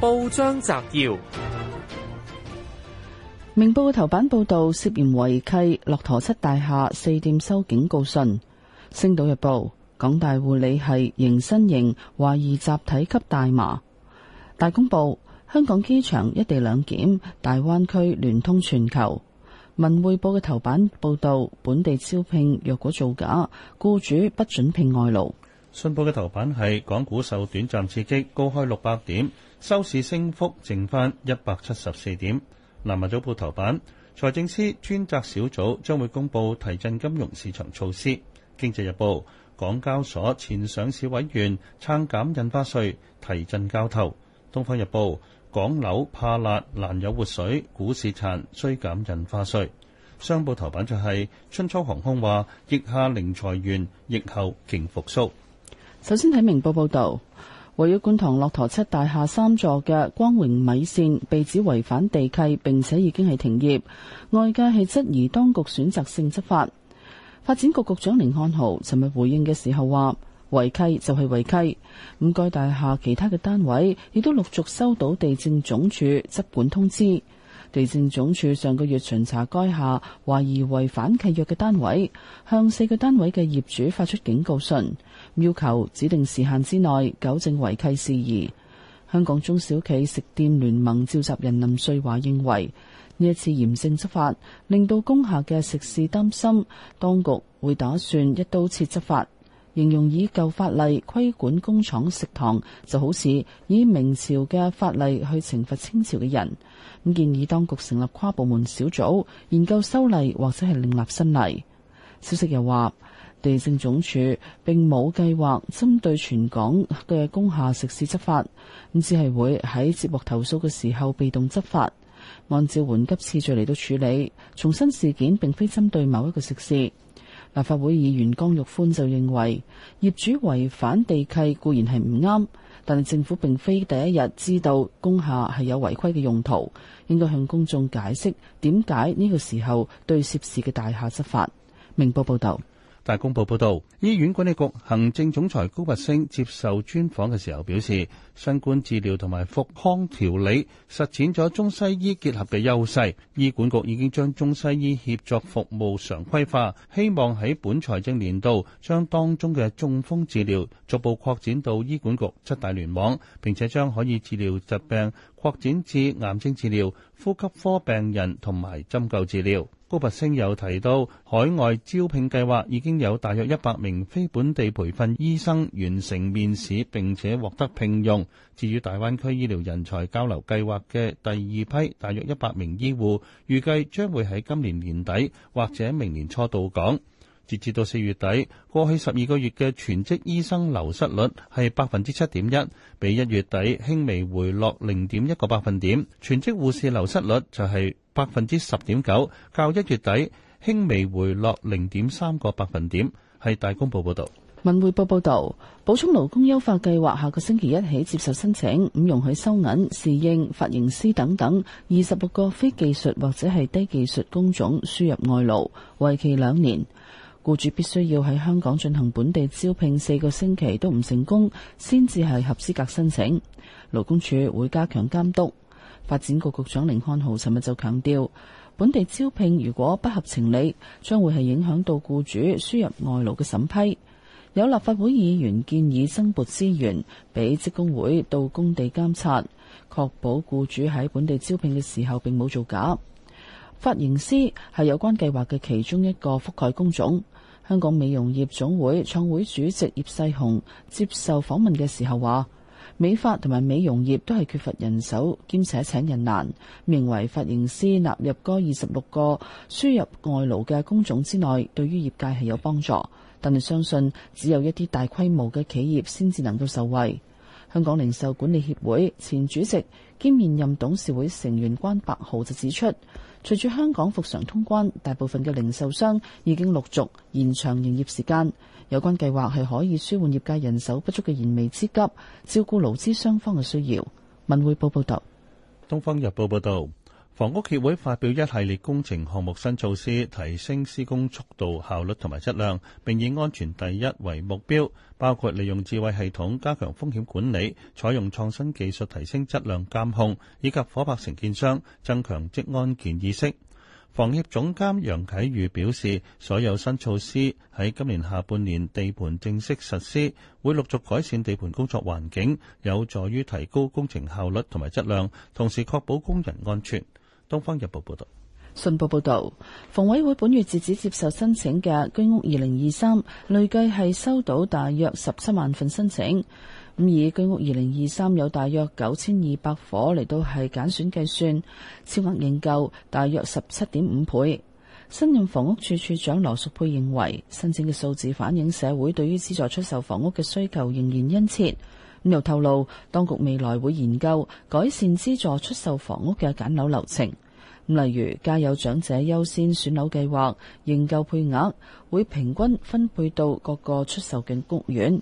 報章摘要：明報嘅頭版報道涉嫌違契，駱駝七大廈四店收警告信。星島日報：港大護理系迎新營，懷疑集體吸大麻。大公報：香港機場一地兩檢，大灣區聯通全球。文匯報嘅頭版報道，本地招聘若果造假，僱主不准聘外勞。信報嘅頭版係港股受短暫刺激，高開六百點，收市升幅剩返一百七十四點。南華早報頭版，財政司專責小組將會公佈提振金融市場措施。經濟日報，港交所前上市委員撐減印花稅，提振交投。東方日報，港樓怕辣難有活水，股市殘需減印花稅。商報頭版就係、是、春秋航空話逆下零裁員，逆後勁復甦。首先睇明報報道，位於觀塘駱駝七大廈三座嘅光榮米線被指違反地契，並且已經係停業。外界係質疑當局選擇性執法。發展局局長凌漢豪尋日回應嘅時候話，違契就係違契。咁該大廈其他嘅單位亦都陸續收到地政總署執管通知。地政總署上個月巡查該廈懷疑違反契約嘅單位，向四個單位嘅業主發出警告信。要求指定時限之內糾正違規事宜。香港中小企食店聯盟召集人林瑞華認為，呢一次嚴正執法令到工廈嘅食肆擔心當局會打算一刀切執法，形容以舊法例規管工廠食堂就好似以明朝嘅法例去懲罰清朝嘅人。咁建議當局成立跨部門小組研究修例或者係另立新例。消息又話。地政總署並冇計劃針對全港嘅工廈食肆執法，咁只係會喺接獲投訴嘅時候被動執法，按照緩急次序嚟到處理。重申事件並非針對某一個食肆。立法會議員江玉歡，就認為業主違反地契固然係唔啱，但係政府並非第一日知道工廈係有違規嘅用途，應該向公眾解釋點解呢個時候對涉事嘅大廈執法。明報報道。大公報報道，醫院管理局行政總裁高拔陞接受專訪嘅時候表示，新冠治療同埋復康調理實踐咗中西醫結合嘅優勢。醫管局已經將中西醫協作服務常規化，希望喺本財政年度將當中嘅中風治療逐步擴展到醫管局七大聯網，並且將可以治療疾病。擴展至癌症治療、呼吸科病人同埋針灸治療。高拔陞又提到，海外招聘計劃已經有大約一百名非本地培訓醫生完成面試並且獲得聘用。至於大灣區醫療人才交流計劃嘅第二批大約一百名醫護，預計將會喺今年年底或者明年初到港。截至到四月底，過去十二個月嘅全職醫生流失率係百分之七點一，比一月底輕微回落零點一個百分點。全職護士流失率就係百分之十點九，較一月底輕微回落零點三個百分點。係大公報報導。文匯報報導，補充勞工優化計劃下個星期一起接受申請，唔容許收銀、侍應、髮型師等等二十六個非技術或者係低技術工種輸入外勞，為期兩年。雇主必須要喺香港進行本地招聘，四個星期都唔成功，先至係合資格申請。勞工處會加強監督。發展局局長甯漢豪尋日就強調，本地招聘如果不合情理，將會係影響到雇主輸入外勞嘅審批。有立法會議員建議增撥資源，俾職工會到工地監察，確保雇主喺本地招聘嘅時候並冇造假。髮型師係有關計劃嘅其中一個覆蓋工種。香港美容業總會創會主席葉世雄接受訪問嘅時候話，美髮同埋美容業都係缺乏人手，兼且請人難。認為髮型師納入嗰二十六個輸入外勞嘅工種之內，對於業界係有幫助。但係相信只有一啲大規模嘅企業先至能夠受惠。香港零售管理協會前主席兼現任董事會成員關百豪就指出，隨住香港復常通關，大部分嘅零售商已經陸續延長營業時間，有關計劃係可以舒緩業界人手不足嘅燃眉之急，照顧勞資雙方嘅需要。文匯報報道，東方日報報道。房屋協會發表一系列工程項目新措施，提升施工速度、效率同埋質量。並以安全第一為目標，包括利用智慧系統加強風險管理，採用創新技術提升質量監控，以及夥拍承建商增強職安健意識。房協總監楊啟宇表示，所有新措施喺今年下半年地盤正式實施，會陸續改善地盤工作環境，有助於提高工程效率同埋質量，同時確保工人安全。東方日報報道，信報報道，房委會本月截止接受申請嘅居屋二零二三累計係收到大約十七萬份申請。咁而居屋二零二三有大約九千二百伙嚟到係揀選計算，超額認購大約十七點五倍。新任房屋處處長羅淑佩認為，申請嘅數字反映社會對於資助出售房屋嘅需求仍然殷切。又透露，當局未來會研究改善資助出售房屋嘅揀樓流程，例如加有長者優先選樓計劃，認購配額會平均分配到各個出售嘅屋苑。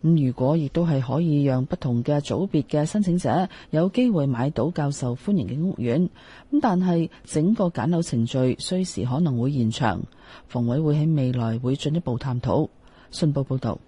如果亦都係可以讓不同嘅組別嘅申請者有機會買到較受歡迎嘅屋苑，但係整個揀樓程序需時可能會延長，房委會喺未來會進一步探討。信報報道。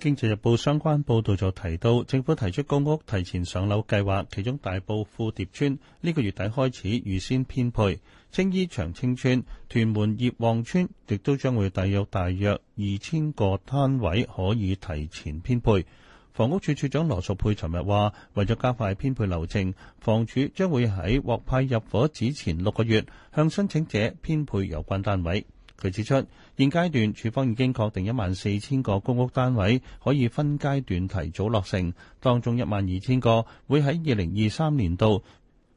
經濟日報相關報導就提到，政府提出公屋提前上樓計劃，其中大埔富蝶邨呢個月底開始預先編配，青衣長青邨、屯門葉旺邨亦都將會大約大約二千個單位可以提前編配。房屋署署長羅淑佩尋日話，為咗加快編配流程，房署將會喺獲派入伙之前六個月向申請者編配有關單位。佢指出，現階段署方已經確定一萬四千個公屋單位可以分階段提早落成，當中一萬二千個會喺二零二三年度、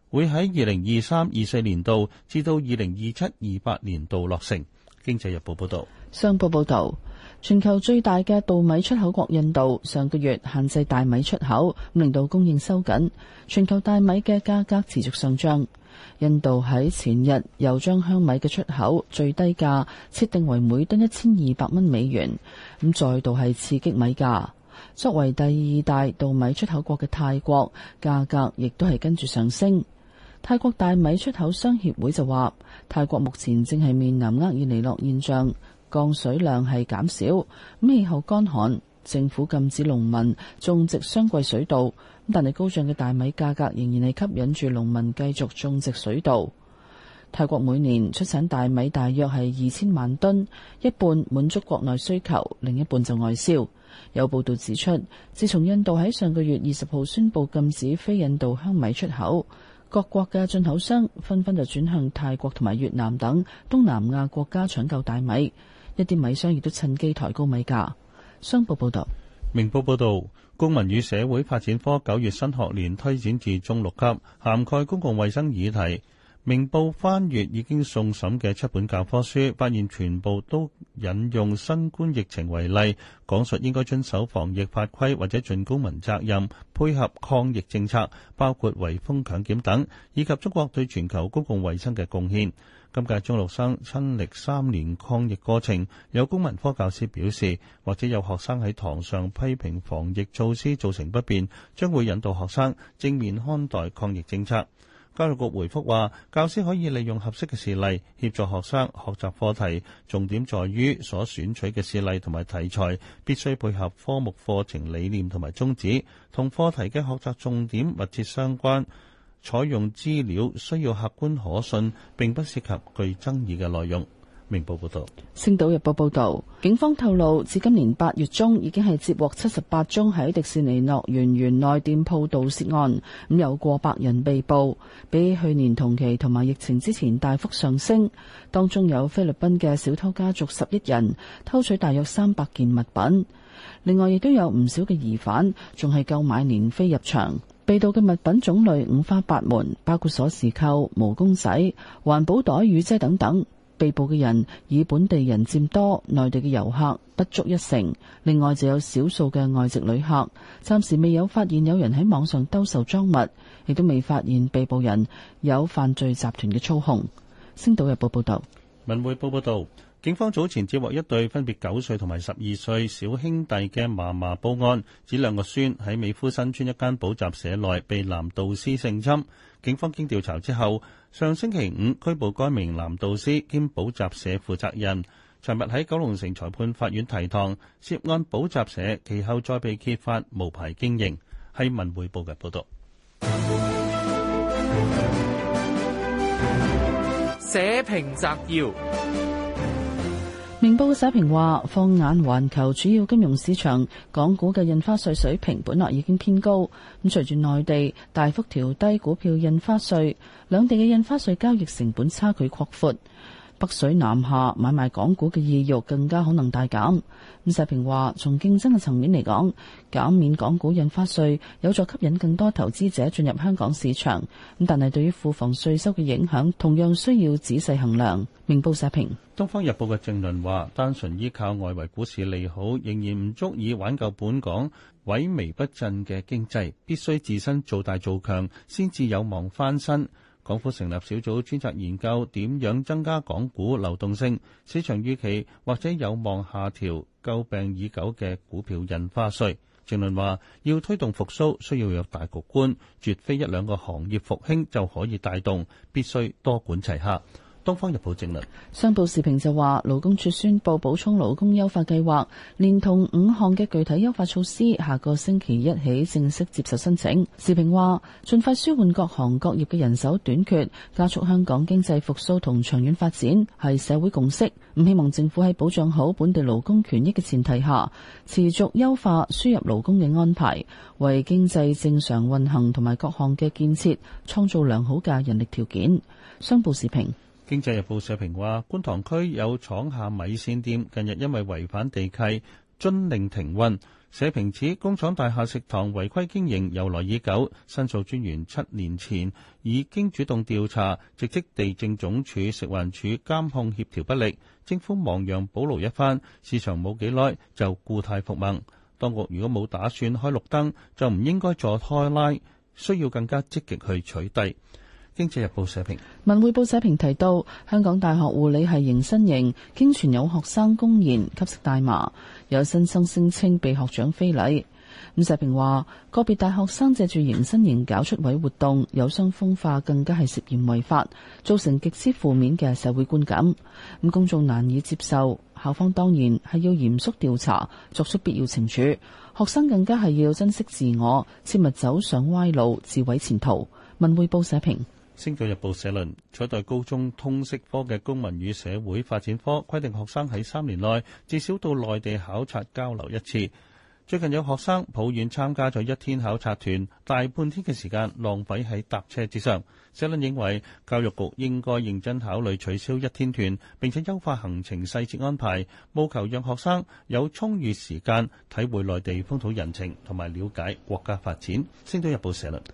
會喺二零二三二四年度至到二零二七二八年度落成。經濟日報報道，商報報道，全球最大嘅稻米出口國印度上個月限制大米出口，令到供應收緊，全球大米嘅價格持續上漲。印度喺前日又將香米嘅出口最低價設定為每噸一千二百蚊美元，咁再度係刺激米價。作為第二大稻米出口國嘅泰國，價格亦都係跟住上升。泰國大米出口商協會就話，泰國目前正係面臨厄爾尼諾現象，降水量係減少，咁氣候乾旱，政府禁止農民種植雙季水稻。但係高漲嘅大米價格仍然係吸引住農民繼續種植水稻。泰國每年出產大米大約係二千萬噸，一半滿足國內需求，另一半就外銷。有報道指出，自從印度喺上個月二十號宣布禁止非印度香米出口，各國嘅進口商紛紛就轉向泰國同埋越南等東南亞國家搶購大米，一啲米商亦都趁機抬高米價。商報報道。明報報道，公民與社會發展科九月新學年推展至中六級，涵蓋公共衛生議題。明報翻閱已經送審嘅七本教科書，發現全部都引用新冠疫情為例，講述應該遵守防疫法規或者盡公民責任，配合抗疫政策，包括圍封強檢等，以及中國對全球公共衛生嘅貢獻。今屆中六生親歷三年抗疫過程，有公民科教師表示，或者有學生喺堂上批評防疫措施造成不便，將會引導學生正面看待抗疫政策。教育局回覆話：教師可以利用合適嘅事例協助學生學習課題，重點在於所選取嘅事例同埋題材必須配合科目課程理念同埋宗旨，同課題嘅學習重點密切相關。採用資料需要客觀可信，並不涉及具爭議嘅內容。明報報道，《星島日報》報道，警方透露，至今年八月中已經係接獲七十八宗喺迪士尼樂園園內店鋪盜竊案，咁有過百人被捕，比去年同期同埋疫情之前大幅上升。當中有菲律賓嘅小偷家族十一人偷取大約三百件物品，另外亦都有唔少嘅疑犯仲係購買年飛入場。被盜嘅物品種類五花八門，包括鎖匙扣、毛公仔、環保袋、雨遮等等。被捕嘅人以本地人佔多，內地嘅遊客不足一成，另外就有少數嘅外籍旅客。暫時未有發現有人喺網上兜售贓物，亦都未發現被捕人有犯罪集團嘅操控。星島日報報道。文匯報報導。警方早前接獲一對分別九歲同埋十二歲小兄弟嘅嫲嫲報案，指兩個孫喺美孚新村一間補習社內被男導師性侵。警方經調查之後，上星期五拘捕該名男導師兼補習社負責人。尋日喺九龍城裁判法院提堂，涉案補習社其後再被揭發無牌經營。係文匯報嘅報道。社評摘要。明報嘅社評話：放眼環球主要金融市場，港股嘅印花稅水平本來已經偏高，咁隨住內地大幅調低股票印花稅，兩地嘅印花稅交易成本差距擴闊。北水南下買賣港股嘅意欲更加可能大減，咁社評話從競爭嘅層面嚟講，減免港股印花稅有助吸引更多投資者進入香港市場，咁但係對於庫房稅收嘅影響同樣需要仔細衡量。明報社評，《東方日報》嘅正論話，單純依靠外圍股市利好，仍然唔足以挽救本港萎靡不振嘅經濟，必須自身做大做強先至有望翻身。港府成立小組專責研究點樣增加港股流動性，市場預期或者有望下調詬病已久嘅股票印花稅。鄭論話：要推動復甦，需要有大局觀，絕非一兩個行業復興就可以帶動，必須多管齊下。《東方日報》政論商報時評就話，勞工處宣布補充勞工優化計劃，連同五項嘅具體優化措施，下個星期一起正式接受申請。時評話，盡快舒緩各行各業嘅人手短缺，加速香港經濟復甦同長遠發展，係社會共識。唔希望政府喺保障好本地勞工權益嘅前提下，持續優化輸入勞工嘅安排，為經濟正常運行同埋各項嘅建設創造良好嘅人力條件。商報時評。經濟日報社評話，觀塘區有廠下米線店，近日因為違反地契，遵令停運。社評指工廠大廈食堂違規經營由來已久，申訴專員七年前已經主動調查，直擊地政總署食環署監控協調不力。政府亡羊補牢一番，市場冇幾耐就故態復萌。當局如果冇打算開綠燈，就唔應該再拖拉，需要更加積極去取締。經濟日報社評：文匯報社評提到，香港大學護理系迎新營，驚傳有學生公然吸食大麻，有新生聲，聲稱被學長非禮。咁社評話，個別大學生借住迎新營搞出位活動，有傷風化，更加係涉嫌違法，造成極之負面嘅社會觀感。咁公眾難以接受，校方當然係要嚴肅調查，作出必要懲處。學生更加係要珍惜自我，切勿走上歪路，自毀前途。文匯報社評。《星島日報》社論：取代高中通識科嘅公民與社會發展科規定，學生喺三年內至少到內地考察交流一次。最近有學生抱怨參加咗一天考察團，大半天嘅時間浪費喺搭車之上。社論認為教育局應該認真考慮取消一天團，並且優化行程細節安排，務求讓學生有充裕時間體會內地風土人情同埋了解國家發展。《星島日報》社論。